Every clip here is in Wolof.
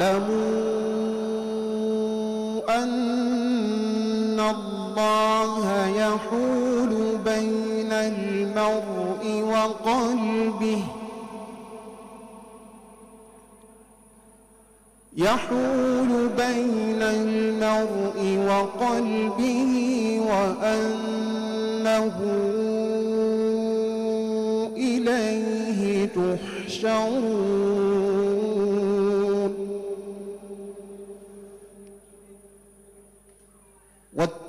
واعلموا أن الله يحول بين المرء وقلبه يحول بين المرء وقلبه وأنه إليه تحشرون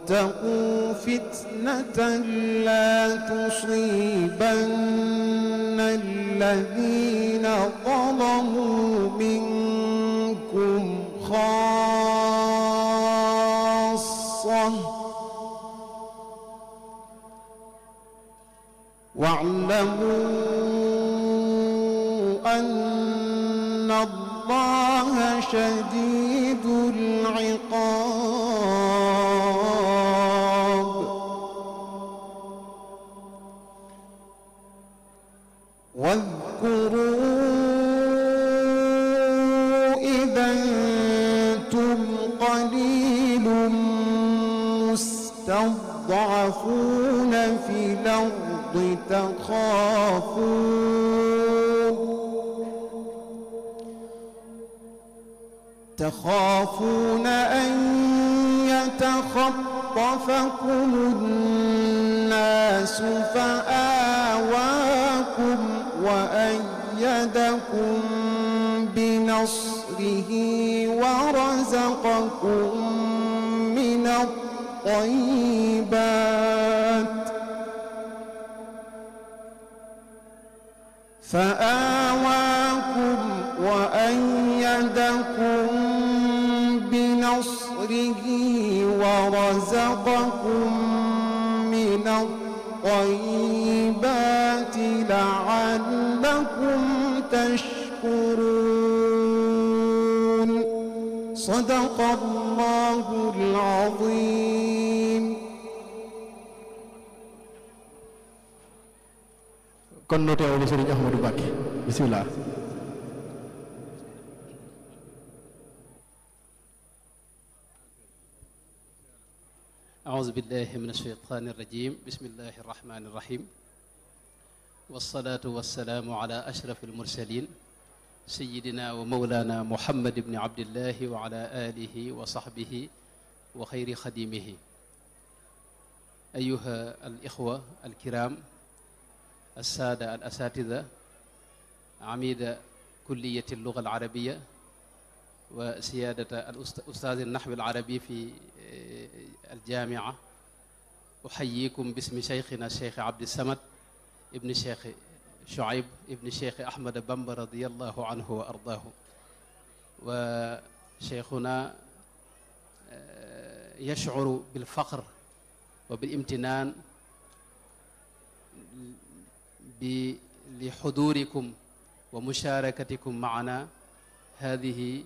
واتقوا فتنة لا تصيبن الذين ظلموا منكم خاصة واعلموا أن الله شديد تخافون تخافون أن يتخطفكم الناس فآواكم وأيدكم بنصره ورزقكم من الطيبات فآواكم وأيدكم بنصره ورزقكم من الطيبات لعلكم تشكرون صدق الله العظيم kon noo teewlu Serigne Ahmadou Mbacké bisimilah. أعوذ بالله من الشيطان الرجيم بسم الله الرحمن الرحيم والصلاة والسلام على أشرف المرسلين سيدنا ومولانا محمد بن عبد الله وعلى آله وصحبه وخير خديمه أيها الإخوة الكرام assaada al asaatida amida kulliyati alluga al arabiya wa siyaadata al ustaaz al nahwi al arabi fi al jaamia uxayikum bismi cheikhina cheikh Abdi Samad ibni cheikh Shuaib ibni cheikh Ahmad Bamba radiyallahu anhu wa ardaahu wa cheikhuna yashcuru bil faqr wa bil imtinaan bi li xudurikum wa musharakatikum maana hadihi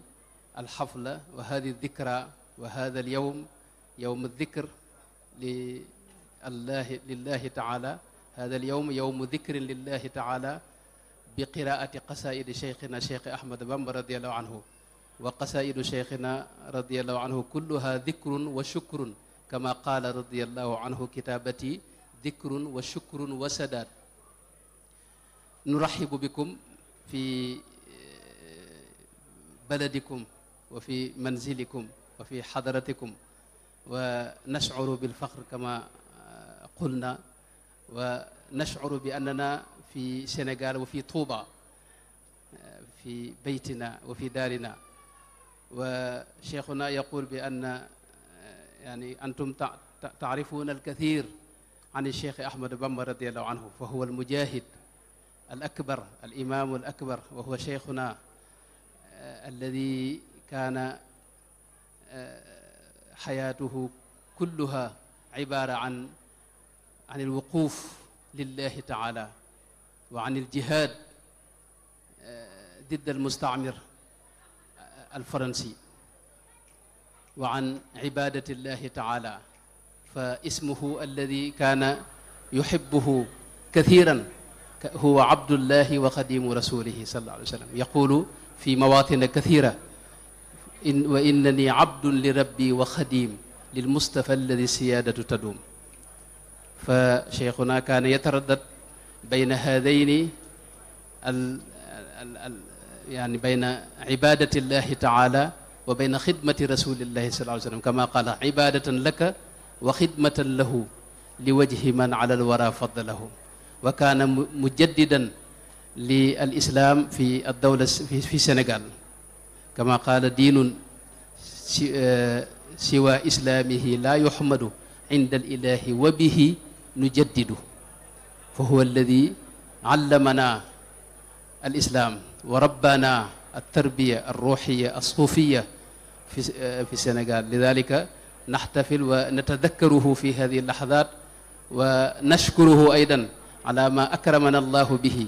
alxafla wa hadihi aldikra wa hada alyowm yowm aldikr li allahi lillahi taala hada alyowm yowmu dikrin lillahi taala bi qiraati qasaidi cheikhina cheikh ahmad bamba radiallahu anhu wa qasaidu cheikhina radiallahu anhu kulluha dikrun wa shukrun kama qaala radiallahu anhu kitaabati dikrun wa shukrun wa sadaat nuraxibu bikum fi eh, baladikum wa fi manzilikum wa fi xadaratikum wa nashcuru bilfaxr kama eh, qulna wa nashcuru bi annana fi Sénégal wa fi Tuuba eh, fi baytina wa fi daarina wa cheikhuna yaqul bi anna yani antum taarifuuna alkathir an cheikh Ahmad Bamba radiallahu anhu fa huwa almujahid الأكبر الإمام الأكبر وهو شيخنا الذي كان حياته كلها عبارة عن عن الوقوف لله تعالى وعن الجهاد ضد المستعمر الفرنسي وعن عبادة الله تعالى فاسمه الذي كان يحبه كثيرا huwa abdullahi wa xadimu rasulihi sallallahu alayhi wa sallam yaqulu fi mawatina kathira in wa innani abdun li rabbi wa xadim lil mustafa alladi siyadatu tadum fa cheikhuna kaana yataraddad bayna hadayni al al yaani bayna ibadati llahi taala wa bayna xidmati rasulillahi sallallahu alayhi wa sallam kama qaala ibadatan laka wa xidmatan lahu li wajhi man ala alwara faddalahu wa kaana mujaddidan li al islam fi ad dawla fi Sénégal kama qaala diinun si eh, siwa islaamihi laa yuhmadu inda al ilahi wa bihi nujaddidu fa huwa alladi allamana al islam wa rabbana al tarbiya al ruuxiya al suufiya fi eh, fi Sénégal lidalika naxtafil wa natadakkaruhu fi hadihi al laxadaat wa nashkuruhu aydan ala ma akramana allahu bihi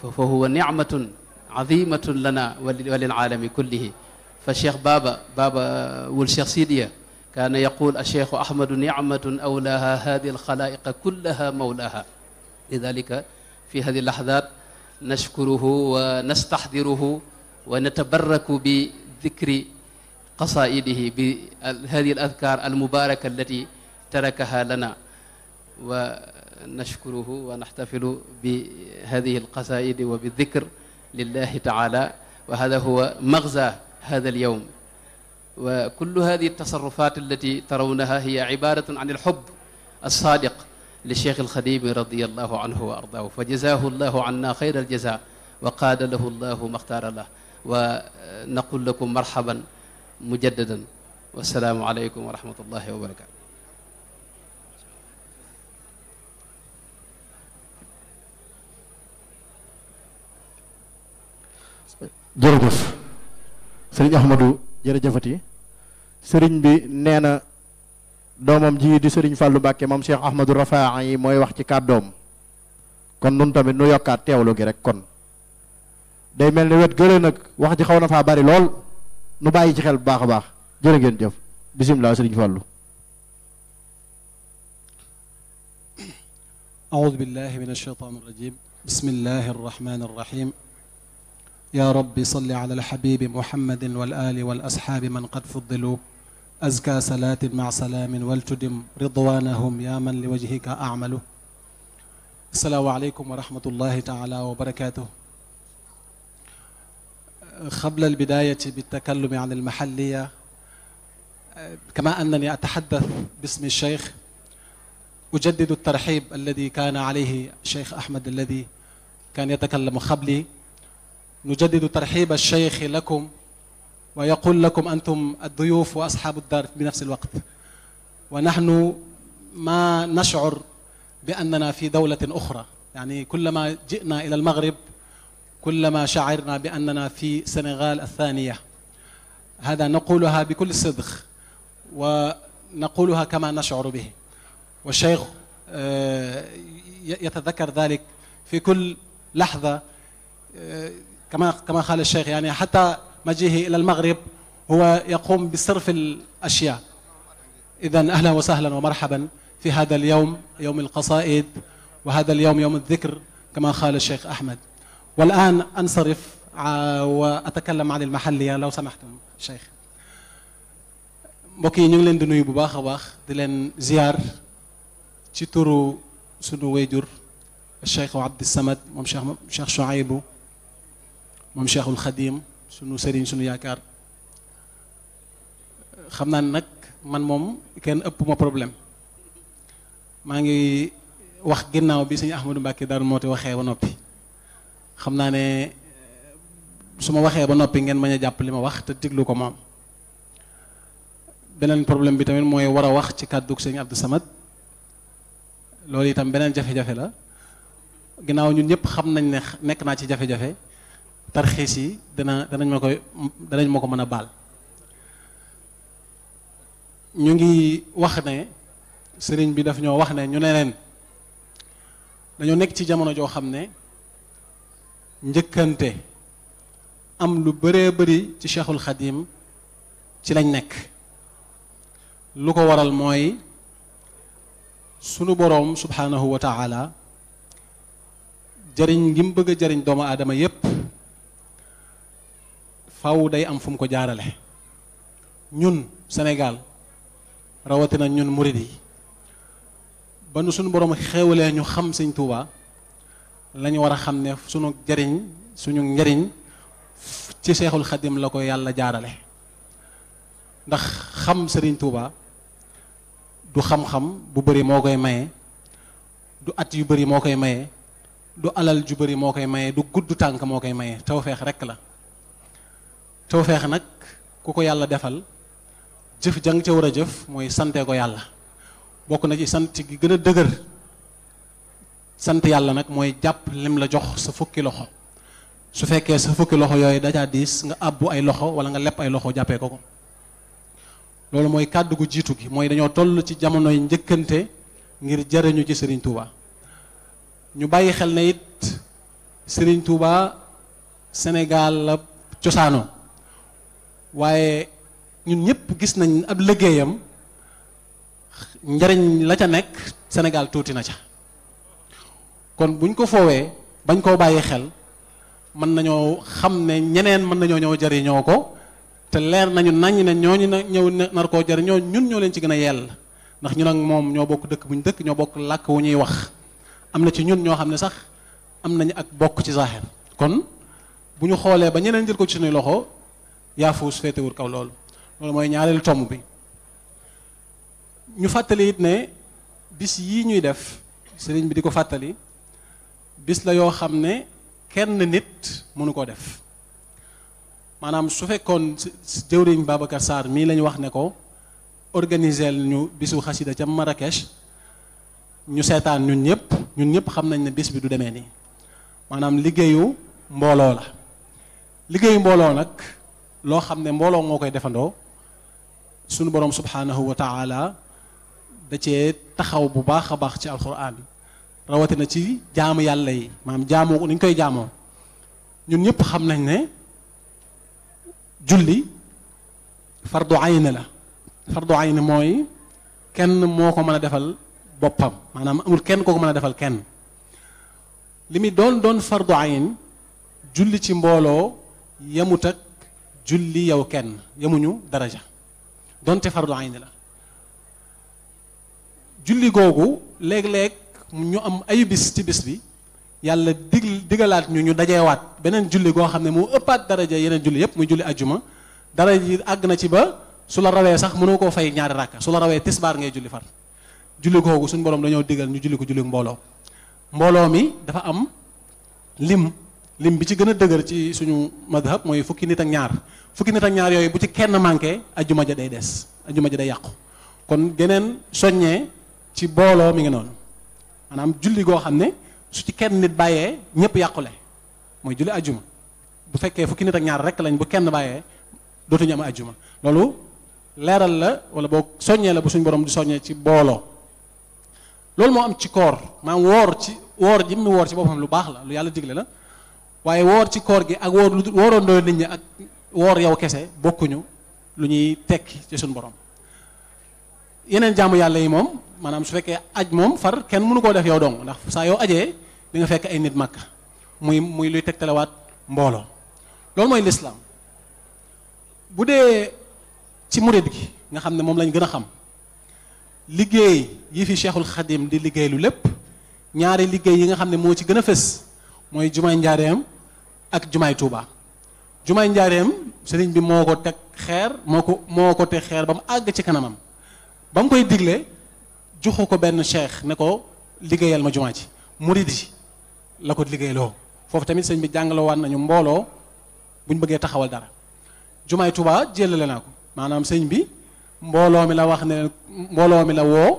fa huwa nicmatun azimatun lana wa lilaalami kullihi fa cheikh baba baba wul cheikh sidiya kaana yaqul acheikhu ahmadu nicmatun awlaha hadi alxalaiqa kullaha mawlaha lidalika fi hadi lahzat nashkuruhu wa nastaxdiruhu wa natabaraku bi dikri qasaidihi bi hadi al adkar almubaraka allati tarakaha lana wa نشكره ونحتفل بهذه القصائد وبالذكر لله تعالى وهذا هو مغزى هذا اليوم وكل هذه التصرفات التي ترونها هي عبارة عن الحب الصادق للشيخ الخديم رضي الله عنه وأرضاه فجزاه الله عنا خير الجزاء وقاد له الله ما اختار له ونقول لكم مرحبا مجددا والسلام عليكم ورحمة الله وبركاته jërëjëf sëriñ Ahmadou jërëjëfati sëriñ bi nee na doomam ji di sëriñ Fallou Mbacke moom Cheikh Ahmadou Rafaa yi mooy wax ci doom kon nun tamit nu yokkaat teewlu gi rek kon day mel ni wet gële nag wax ji xaw na faa bari lool nu bàyyi ci xel bu baax a baax jërë ngeen jëf bisimilah sëriñ Fallou أعوذ بالله من الشيطان الرجيم بسم الله الرحمن الرحيم يا رب صل على الحبيب محمد والآل والأصحاب من قد فضلوا أزكى صلاة مع سلام والتدم رضوانهم يا من لوجهك أعمل السلام عليكم ورحمة الله تعالى وبركاته قبل البداية بالتكلم عن المحلية كما أنني أتحدث باسم الشيخ أجدد الترحيب الذي كان عليه الشيخ أحمد الذي كان يتكلم قبلي نجدد ترحيب الشيخ لكم ويقول لكم أنتم الضيوف وأصحاب الدار بنفس الوقت ونحن ما نشعر بأننا في دولة أخرى يعني كلما جئنا إلى المغرب كلما شعرنا بأننا في سنغال الثانية هذا نقولها بكل صدق ونقولها كما نشعر به والشيخ يتذكر ذلك في كل لحظة كما كما قال الشيخ يعني حتى مجيئه إلى المغرب هو يقوم بصرف الأشياء إذا أهلا وسهلا ومرحبا في هذا اليوم يوم القصائد وهذا اليوم يوم الذكر كما قال الشيخ أحمد والآن أنصرف وأتكلم عن المحلية لو سمحتم الشيخ mbokk yi ñu ngi leen di nuyu bu baax a baax di leen ziar ci turu sunu wayjur Cheikh Abdou Samad moom Cheikh Cheikh Chouaïbou moom Cheikhul Khadim sunu sëriñ sunu yaakaar xam naa ne nag man moom kenn ëpp ma problème maa ngi wax ginnaaw bi sëñ Ahmadou Mbacke moo Mouhty waxee ba noppi xam naa ne su ma waxee ba noppi ngeen mañ a jàpp li ma wax te diglu ko moom beneen problème bi tamit mooy war a wax ci kàddug sëñ Abdou Samad loolu itam beneen jafe-jafe la ginnaaw ñun ñëpp xam nañ ne nekk naa ci jafe-jafe tarxiis yi dana danañ ma koy danañ ma ko mën a baal ñu ngi wax ne sëriñ bi daf ñoo wax ne ñu ne leen dañoo nekk ci jamono joo xam ne njëkkante am lu bëree bari ci Cheikhul Xadim ci lañ nekk lu ko waral mooy sunu boroom subhaanahu wa taala jariñ ngi mu bëgg jariñ doomu aadama yépp faw day am fu mu ko jaarale ñun Sénégal rawatina ñun murid yi ba nu suñu borom xéewalee ñu xam sëñ Tuuba la ñu war a xam ne suñu jariñ suñu njariñ ci seexul xadim la ko yàlla jaarale ndax xam sëriñ Tuuba du xam-xam bu bari moo koy maye du at yu bari moo koy maye du alal yu bari moo koy maye du gudd tànk moo koy maye tawfeex rekk la tawfeex nag ku ko yàlla defal jëf jang ca war a jëf mooy sante ko yàlla bokk na ci sant gi gën a dëgër sant yàlla nag mooy jàpp lim la jox sa fukki loxo su fekkee sa fukki loxo yooyu dajaa diis nga àbbu ay loxo wala nga lepp ay loxo jàppee ko ko loolu mooy kàddu gu jiitu gi mooy dañoo toll ci jamonoy njëkkante ngir jariñu ci sëriñ Touba ñu bàyyi xel ne it sëriñ Touba senegal la cosaanoo waaye ñun ñëpp gis nañ ab liggéeyam njariñ la ca nekk Sénégal tuuti na ca kon buñ ko foowee bañ koo bàyyi xel mën nañoo xam ne ñeneen mën nañoo ñëw jariñoo ko te leer nañu nañ ne ñooñu na ñëw nar koo jariñoo ñun ñoo leen ci gën a yell ndax ñun ak moom ñoo bokk dëkk bu ñu dëkk ñoo bokk làkk wu ñuy wax am na ci ñun ñoo xam ne sax am nañu ak bokk ci saaxir kon bu ñu xoolee ba ñeneen jël ko ci suñu loxo yaafuus féetewul kaw loolu loolu mooy ñaareelu tomb bi ñu fàttali it ne bis yii ñuy def sëriñ bi di ko fàttali bis la yoo xam ne kenn nit mënu koo def maanaam su fekkoon jëwriñ Babacar Sarr mii la wax ne ko organiser ñu bisu xasida ca Marrakech ñu seetaan ñun ñëpp ñun ñëpp xam nañ ne bis bi du demee nii maanaam liggéeyu mbooloo la liggéeyu mbooloo nag loo xam ne mbooloo moo koy defandoo sunu borom subhaanahu wa taala da cee taxaw bu baax a baax ci alxuraan rawatina ci jaam yàlla yi maanaam jaamoo ni ñu koy jaamoo ñun ñëpp xam nañ ne julli fardu ayn la fardu ayn mooy kenn moo ko mën a defal boppam maanaam amul kenn koo mën a defal kenn li muy doon doon fardu ayn julli ci mbooloo yemut julli yow kenn yemuñu daraja donte fardu ayni la julli googu léeg-léeg ñu am ay bis ci bis bi yàlla dig digalaat ñu ñu dajeewaat beneen julli goo xam ne moo ëppaat daraja yeneen julli yépp muy julli ajjuma dara ji àgg na ci ba su la rawee sax mënoo koo fay ñaari rakka su la rawee tisbaar ngay julli far julli googu suñu borom dañoo digal ñu julli ko julli mbooloo mbooloo mi dafa am lim lim bi ci gën a dëgër ci suñu madhab mooy fukki nit ak ñaar fukki nit ak ñaar yooyu bu ci kenn manqué ajjuma ja day des ajjuma ja day yàqu kon geneen soññee ci booloo mi ngi noonu maanaam julli goo xam ne su ci kenn bàyyee ñëpp yàqule mooy julli ajjuma bu fekkee fukki nit ñaar rek lañ bu kenn bàyyee dootuñu am ajjuma loolu leeral la wala boo soññee la bu suñu borom di soññee ci booloo loolu moo am ci koor maanaam woor ci woor ji mu woor ci boppam lu baax la lu yàlla jigle la waaye woor ci koor gi ak woor lu wooroon loolu nit ñi ak woor yow kese bokkuñu lu ñuy tekki ci suñu borom yeneen jaamu yàlla yi moom maanaam su fekkee aj moom far kenn mënu koo def yow dong ndax saa yoo ajee di nga fekk ay nit màkk muy muy luy tegtalewaat mbooloo loolu mooy lislaam bu dee ci murid gi nga xam ne moom lañ gën a xam liggéey yi fi Cheikhul Khadim di liggéey lu lépp ñaari liggéey yi nga xam ne moo ci gën a fës mooy jumaay njaareem ak jumaay Touba jumaay njaareem sëriñ bi moo ko teg xeer moo ko moo ko teg xeer ba mu àgg ci kanamam ba mu koy digle joxu ko benn cheikh ne ko liggéeyal ma jumaa ci murid yi la ko liggéeyloo foofu tamit sëñ bi jàngaloowaat nañu mbooloo bu ñu bëggee taxawal dara jumaay Touba jëlale naa ko maanaam sëñ bi mbooloo mi la wax ne mbooloo mi la woo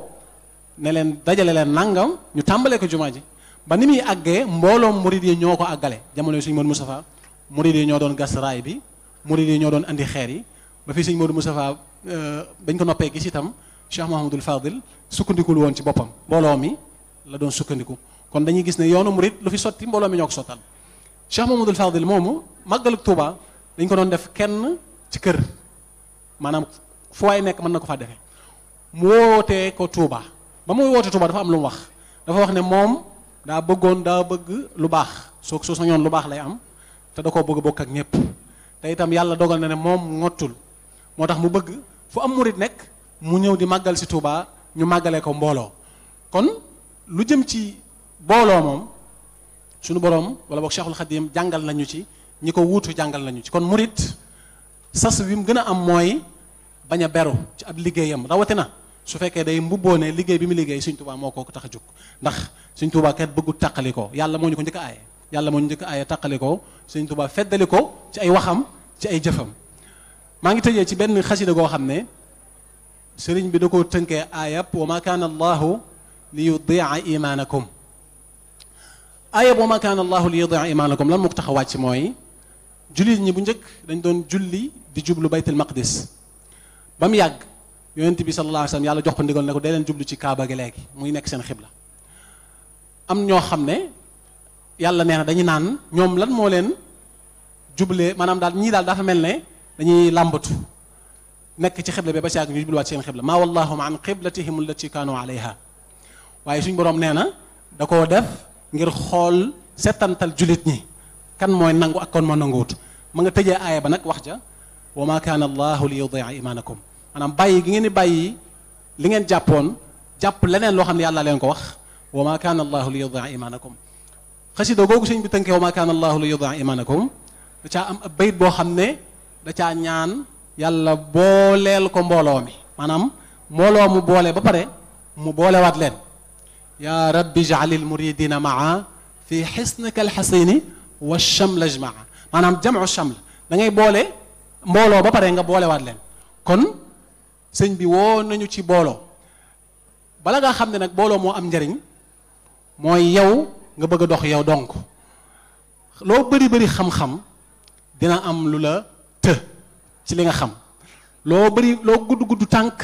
ne leen dajale leen nangam ñu tàmbalee ko jumaa ji ba ni muy àggee mbooloom murid yi ñoo ko àggale jamono yi sëñ Modou Moustapha murid yi ñoo doon gas raay bi murid yi ñoo doon indi xeer yi ba fii sëñ Modou Moustapha euh, bañ ko noppee gis itam Cheikh Mahamadul Fadil sukkandikul woon ci boppam mbooloo mi la doon sukkandiku kon dañuy gis ne yoonu murid lu fi sotti mbooloo mi ñoo ko sottal Cheikh Mahamadul Fadil moomu màggalug Touba dañ ko doon def kenn ci kër maanaam fu waay nekk mën na ko faa defee mu ko Touba ba muy wootee Touba dafa am lu wax dafa wax ne moom daa bëggoon daa bëgg lu baax soo su sañoon lu baax lay am te da koo bëgg bokk ak ñëpp te itam yàlla dogal na ne moom ngottul moo tax mu bëgg fu am murit nekk mu ñëw di màggal si Touba ñu màggalee ko mbooloo kon lu jëm ci booloo moom suñu boroom wala boog Cheikhul Khadim jàngal nañu ci ñi ko wuutu jàngal nañu ci kon murit sas wi mu gën a am mooy bañ a beru ci ab liggéeyam rawatina. su fekkee day mbubboo ne liggéey bi mu liggéey Sëriñ Tuubaa moo ko tax a ndax Sëriñ Tuubaa kat bëggu tàqali ko yàlla moo ñu ko njëkk aaye yàlla moo ñu njëkk aaye tàqali ko Sëriñ Tuubaa feddali ko ci ay waxam ci ay jëfam maa ngi tëjee ci benn xasida goo xam ne sëriñ bi da koo tënkee aayab wa ma kaana allahu li yudia imaanakum aayab wa ma kaana allahu li yudia imaanakum lan moo ko tax wàcc mooy jullit ñi bu njëkk dañ doon julli di jublu baytul maqdis ba yàgg yonent bi sallallahu alayhi wasallam yàlla jox ko ndigal ne ko dee leen jublu ci kaaba gi léegi muy nekk seen xibla am ñoo xam ne yàlla nee dañu naan ñoom lan moo leen juble maanaam daal ñii daal dafa mel ne dañuy làmbatu nekk ci xibla bi ba saag ñu jubluwaat seen xibla maa wallahum an qiblatihim allati kaanu alayha waaye suñ boroom nee na da koo def ngir xool setantal julit ñi kan mooy nangu ak kon ma nanguwut ma nga tëjee aaya ba nag wax ja wa ma kaana allahu li yudia imaanakum maanaam bàyyi gi ngeen di bàyyi li ngeen jàppoon jàpp leneen loo xam ne yàlla leen ko wax wa ma kaana allahu li yudaa imaanakum xasida googu sëñ bi tënkee wa ma kaana allahu li yudaa imaanakum da caa am ab bayit boo xam ne da caa ñaan yàlla booleel ko mbooloo mi maanaam mbooloo mu boole ba pare mu boolewaat leen yaa rabbi jaalil muridina maa fi xisnika alxasini wa chamla jmaa maanaam jamu chaml da ngay boole mbooloo ba pare nga boolewaat leen sëñ bi woo nañu ci booloo bala ngaa xam ne nag booloo moo am njariñ mooy yow nga bëgg a dox yow donk loo bëri bari xam-xam dina am lu la të ci li nga xam loo bari loo gudd gudd tànk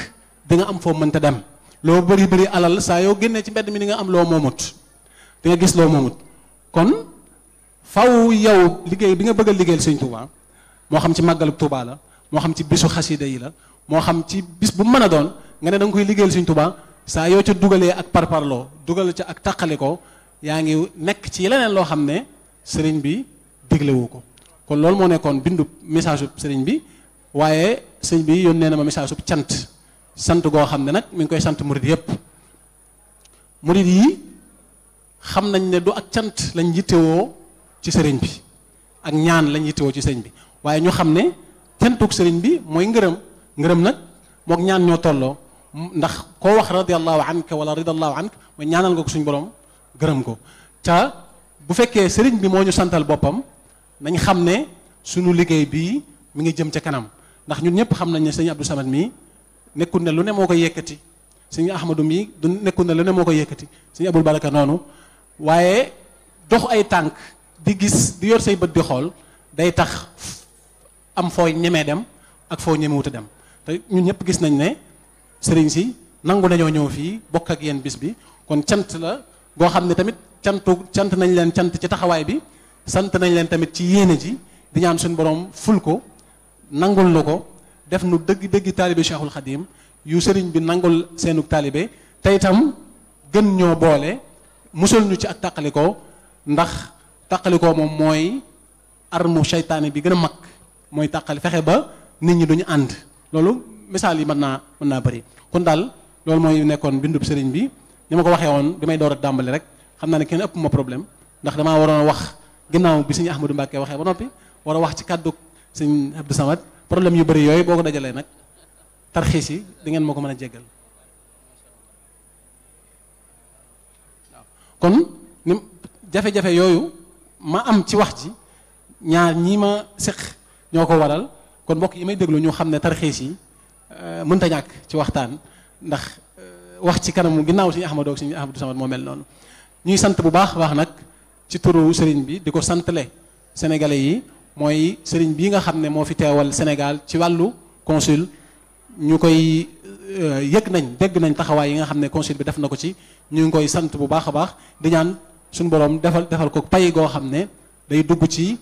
di am foo mënta dem loo bëri bëri alal saa yow génnee ci mbedd mi di nga am loo moomut di nga gis loo moomut kon faw yow liggéey bi nga bëgg a liggéeyal sëñ Touba moo xam ci màggalu Touba la moo xam ci bisu xasida yi la moo xam ci bis bu mën a doon nga ne da nga koy liggéeyal Sëriñ Tuubaa saa yoo ca dugalee ak parparloo dugal ca ak taqali ko yaa ngi nekk ci leneen loo xam ne sëriñ bi diglewu ko kon loolu moo nekkoon bindu message ub sëriñ bi waaye sëriñ bi yónnee na ma message ub cant sant goo xam ne nag mi ngi koy sant murid yépp murid xam nañ ne du ak cant lañ yittewoo ci sëriñ bi ak ñaan lañ yittewoo ci sëriñ bi waaye ñu xam ne cantuk sëriñ bi mooy ngërëm ngërëm nag mook ñaan ñoo tolloo ndax koo wax radiallahu anka wala ridallahu anka mooy ñaanal nga ko suñu borom gërëm ko ca bu fekkee sëriñ bi moo ñu santal boppam nañ xam ne suñu liggéey bii mu ngi jëm ca kanam ndax ñun ñëpp xam nañ ne sëñ Abdou Samad mii nekkul ne lu ne moo ko yëkkati sëñ Ahmadou mii du nekkul ne lu ne moo ko yëkkati sëñ Abdou Baraka noonu waaye dox ay tànk di gis di yor say bët di xool day tax am foo ñemee dem ak foo ñemewut a dem te ñun ñëpp gis nañ ne sëriñ si nangu nañoo ñëw fii bokk ak yéen bis bi kon cant la goo xam ne tamit cantu cant nañ leen cant ci taxawaay bi sant nañ leen tamit ci yéene ji di ñaan suñu borom ful ko nangul lu ko def nu dëgg dëgg taalibe Cheikhul Khadim yu sëriñ bi nangul seenu taalibe te itam gën ñoo boole musal ñu ci ak tàqalikoo ndax tàqalikoo moom mooy armu seytaane bi gën a mag mooy tàqali fexe ba nit ñi duñu ànd loolu misaal yi man naa man naa bari kon daal loolu mooy nekkoon bindub sëriñ bi ni ma ko waxee woon bi may door a dàmbali rek xam naa ne kenn ëpp ma problème ndax damaa waroon a wax ginnaaw bi sëñ Ahmadou Mbacke waxee ba noppi war a wax ci kàddu sëñ Abdou Samad problème yu bari yooyu boo ko dajalee nag tarxiis yi di ma ko mën a jéggal waaw kon jafe-jafe yooyu ma am ci wax ji ñaar ñi ma séq ñoo ko waral kon mbokk yi may déglu ñu xam ne tarxiis yi euh, mënta ñàkk ci waxtaan ndax euh, wax ci kanamu ginnaaw suñu Ahmadou ak si Ahmadou Samad moo mel noonu sant bu baax baax nag ci turu sëriñ bi di ko santale sénégalais yi mooy sëriñ bii nga xam ne moo fi teewal Sénégal ci wàllu consul ñu koy euh, yëg nañ dégg nañ taxawaay yi nga xam ne consul bi def na ko ci ñu ngi koy sant bu baax a baax di ñaan suñu borom defal defal ko pay goo xam ne day dugg ci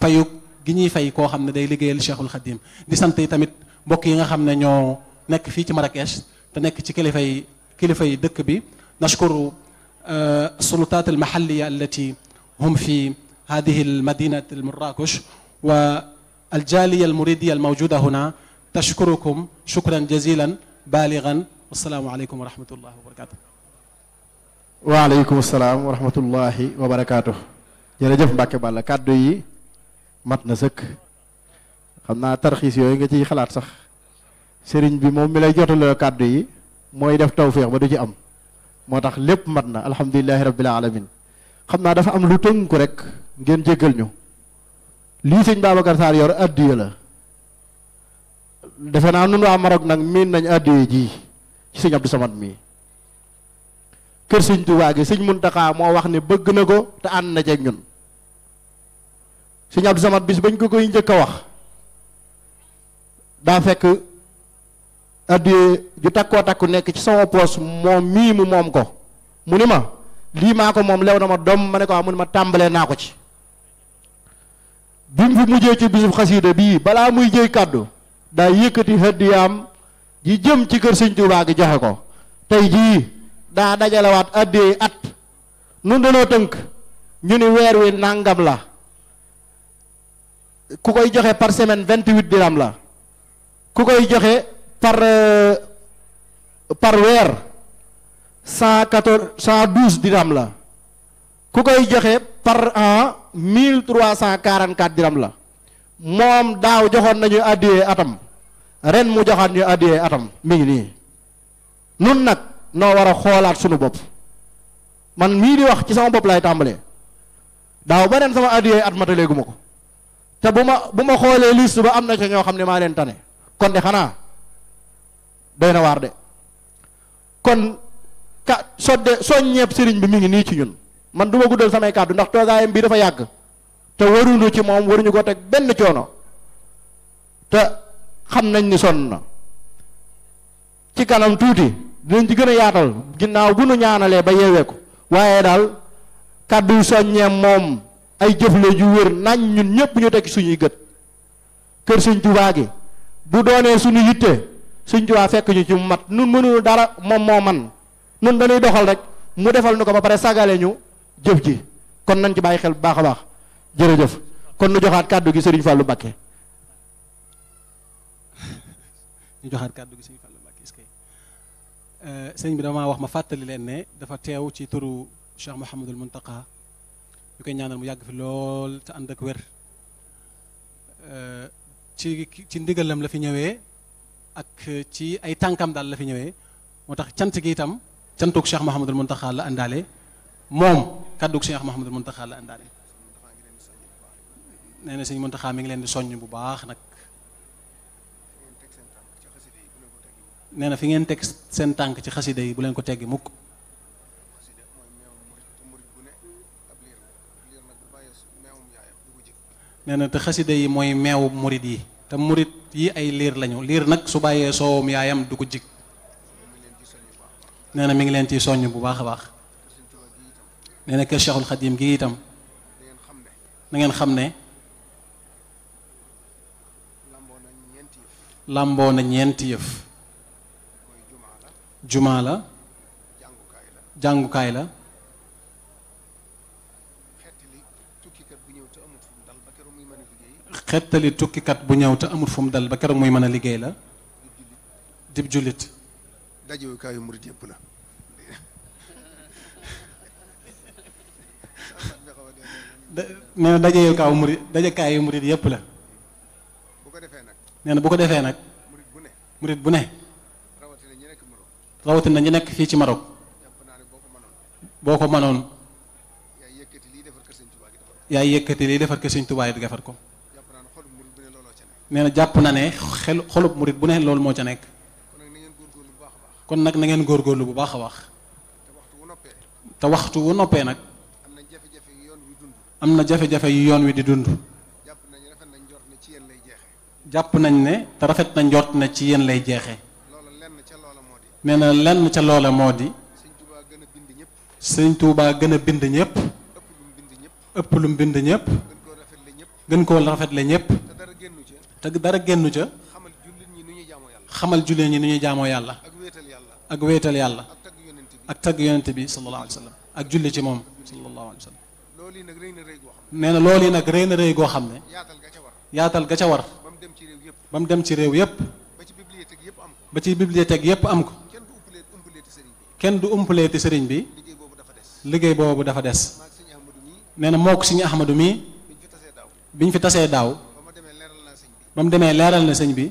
payug gi ñuy fay koo xam ne day liggéeyal Cheikhul Khadim di sant yi tamit mbokk yi nga xam ne ñoo nekk fii ci Marrakech nekk ci kilifa yi kilifa yi dëkk bi nashkuru السلطات المحلية التي هم في هذه المدينة المراكش والجالية المريدية الموجودة هنا تشكركم شكرا جزيلا بالغا والسلام عليكم ورحمة الله وبركاته وعليكم السلام ورحمة الله وبركاته jërëjëf Mbàkke Balla kàddu yi mat na sëkk xam naa tarxiis yooyu nga ciy xalaat sax sëriñ bi moom mi lay jotaloo kàddu yi mooy def tawféex ba du ci am moo tax lépp mat na alhamdulilahi rabbil alamin xam naa dafa am lu ko rek ngeen jëkkal ñu lii sëñ Babacar Sarr yor addiya la defe naa nun waa Maroc nag miin nañ addiya ji ci sëñ Abdou Samad mii kër sëñ Tuubaa gi sëñ Muntaxa moo wax ne bëgg na ko te ànd na ceeg ñun sëñ Abdou Samad bis bañ ko koy njëkk a wax daa fekk addiyee ju takkoo takku nekk ci sama poos moom mii mu moom ko mu ni ma lii maa ko moom lew na ma doom ma ne ko ah, mu ni ma tàmbalee naa ko ci bi mu fi mujjee ci bisub xasiida bii balaa muy jëy kàddu daa yëkkati hadiyaam ji jëm ci kër sëñ Tuubaa gi joxe ko tey jii daa dajalewaat addiyee at nun danoo tënk ñu ni weer wi nàngam la ku koy joxe par semaine vingt huit dirham la ku koy joxe par euh, par weer cent quatorze cent douze dirham la ku koy joxe par an mille trois cent quarante quatre dirham la moom daaw joxoon nañu addiyee atam ren mu joxaat ñu addiyee atam mi ngi nii nun nag noo war a xoolaat sunu bopp man mii di wax ci sama bopp lay tàmbalee daaw ba ren sama addiyee at mataleegu ko te bu ma bu ma xoolee liste ba am na ca ñoo xam ne maa leen tane kon de xanaa doy na waar de kon ka sodde soññeeb sëriñ bi mu ngi nii ci ñun man duma ma guddal samay kàddu ndax toogaayam bi dafa yàgg te waruñu ci moom waruñu ko teg benn coono te xam nañ ni sonn na ci kanam tuuti dinañ ci gën a yaatal ginnaaw bu nu ñaanalee ba yeewee ko waaye daal kàddu soññeem moom ay jëfle ju wër nañ ñun ñëpp ñu teg suñuy gët kër sëñ Tuubaa gi bu doonee suñu yitte sëñ Tuubaa fekk ñu ci mat nun mënul dara moom moo man nun dañuy doxal rek mu defal nu ko ba pare sagale ñu jëf ji kon nañ ci bàyyi xel bu baax a baax jërëjëf kon nu joxaat kàddu gi sëriñ Fallou bakke ñu joxaat kàddu gi sëriñ Fallou Mbacké sëñ euh, bi dama wax ma fàttali leen ne dafa teew ci turu Cheikh Mouhamadul Mountakha ñu koy ñaanal mu yàgg fi lool te ànd ak wér eh, ci ndigalam la fi ñëwee ak eh, ci ay tànkam daal la fi ñëwee moo tax cant gi itam cantuk Cheikh Mouhamadul Mountakha la àndaale moom kàdduk Cheikh Mouhamadul Mountakha la àndaale nee na sëñ Mountakha mi ngi leen di soññ bu baax nag nee na fi ngeen teg seen tànk ci xasida yi bu leen ko teggi mukk nee na te xasida yi mooy meewu murit yi te murit yi ay liir lañu liir nag su bàyyee soowam yaayam du ko jig nee na mi ngi leen ciy soññ bu baax a baax nee na kër Cheikhul Khadim gi itam na ngeen xam ne làmboo na ñeenti yëf jumaa la jàngukaay la xettali tukkikat bu ñëw te amut fu mu dal ba keroog muy mën a liggéey la dib jullit dajewukaayu murit yëpp la nee na dajewukaayu murit dajekaayu murit yëpp la nee na bu ko defee nag murit bu ne rawatina ñi nekk fii ci Maroc boo ko mënoon yaay yëkkati liy defar ko Sëñ Tuubaa yi defar ko nee jàpp na ne xel xolub murit bu ne loolu moo ca nekk kon nag na ngeen góorgóorlu bu baax a wax te waxtu wu noppee nag am na jafe-jafe yu yoon wi di dund jàpp nañ ne te rafet na njort na ci yéen lay jeexe nee na lenn ca loola moo di sëñ Tuubaa gën a bind ñëpp ëpp lu mu bind ñëpp gën koo rafetle ñëpp te dara génn ca xamal jullit ñi nu ñuy jaamoo yàlla ak wéetal yàlla ak tagg yonent bi sallallahu alayhi wa sallam ak julli ci moom sallallahu alayhi wa sallam nee na loolu yi nag rëy na rëy goo xam ne yaatal ga ca war ba mu dem ci réew yépp ba ci bibliothèque yépp am ko kenn du umpaleeti sëriñ bi liggéey boobu dafa des nee na si suñu Ahmadu mii bi ñu fi tasee daaw ba mu demee leeral na sëñ bi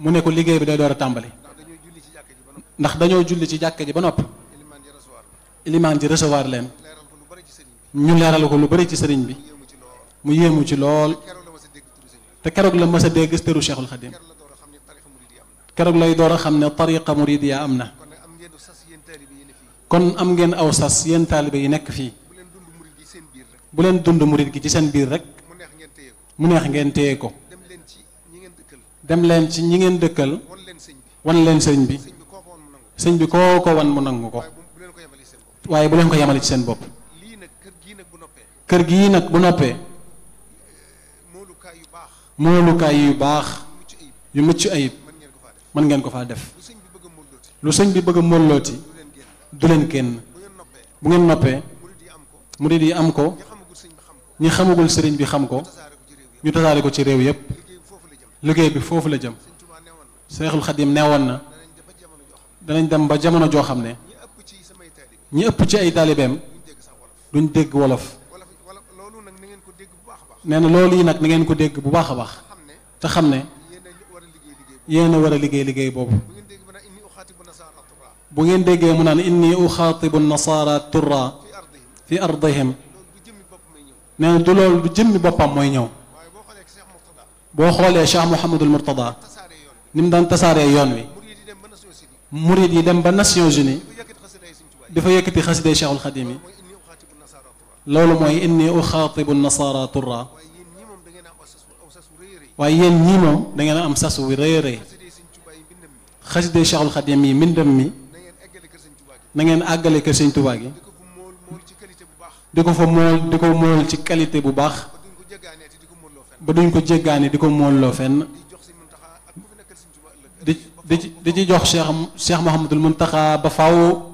mu ne ko liggéey bi day door a tàmbali ndax dañoo julli ci jàkka ji ba noppi ilimaan ji recevoir leen ñu leeral ko lu bari ci sëriñ bi mu yéemu ci lool te keroog la mës a dégg tëru Cheikhul Khadim keroog lay door a xam ne tariqa muridiya am na kon am ngeen aw sas yéen taalibe yi nekk fii bu leen dund murid gi ci seen biir rek mu neex ngeen téye ko dem leen ci ñi ngeen dëkkal wan leen sëñ bi sëñ bi koo ko wan mu nangu ko waaye bu leen ko yemale ci seen bopp kër gii nag bu noppee moolukaay yu baax yu mucc ayib mën ngeen ko faa def lu sëñ bi bëgg a mollooti du leen kenn bu ngeen noppee murid yi am ko ñi xamagul sëriñ bi xam ko ñu tasaare ko ci réew yépp liggéey bi foofu la jëm Seexul Xadim neewoon na danañ dem ba jamono joo xam ne ñi ëpp ci ay taalibeem duñ dégg wolof nee na loolu yi nag na ngeen ko dégg bu baax a baax te xam ne yéen a war a liggéey liggéey boobu bu ngeen déggee mu naan inni uxaatibu nasaara turra fi ardihim nee na du loolu du jëmmi boppam mooy ñëw boo xoolee Cheikh Mouhamadul Mourtada ni mu daan tasaaree yoon wi murid yi dem ba Nations Unies dafa yëkkati xaside Cheikhul Xadim yi loolu mooy inni uxaatibu nasaara turra waaye yéen ñii moom da ngeen a am sas wu rëy a rëy xaside Cheikhul Xadim yi mbindam mi na ngeen àggale kër Sëñ Tuubaa gi di ko fa mool di ko mool ci qualité bu baax ba duñu ko jéggaani di ko mooloo fenn di di ci di ci jox Cheikh Cheikh Mouhamadul Mountakha ba faaw.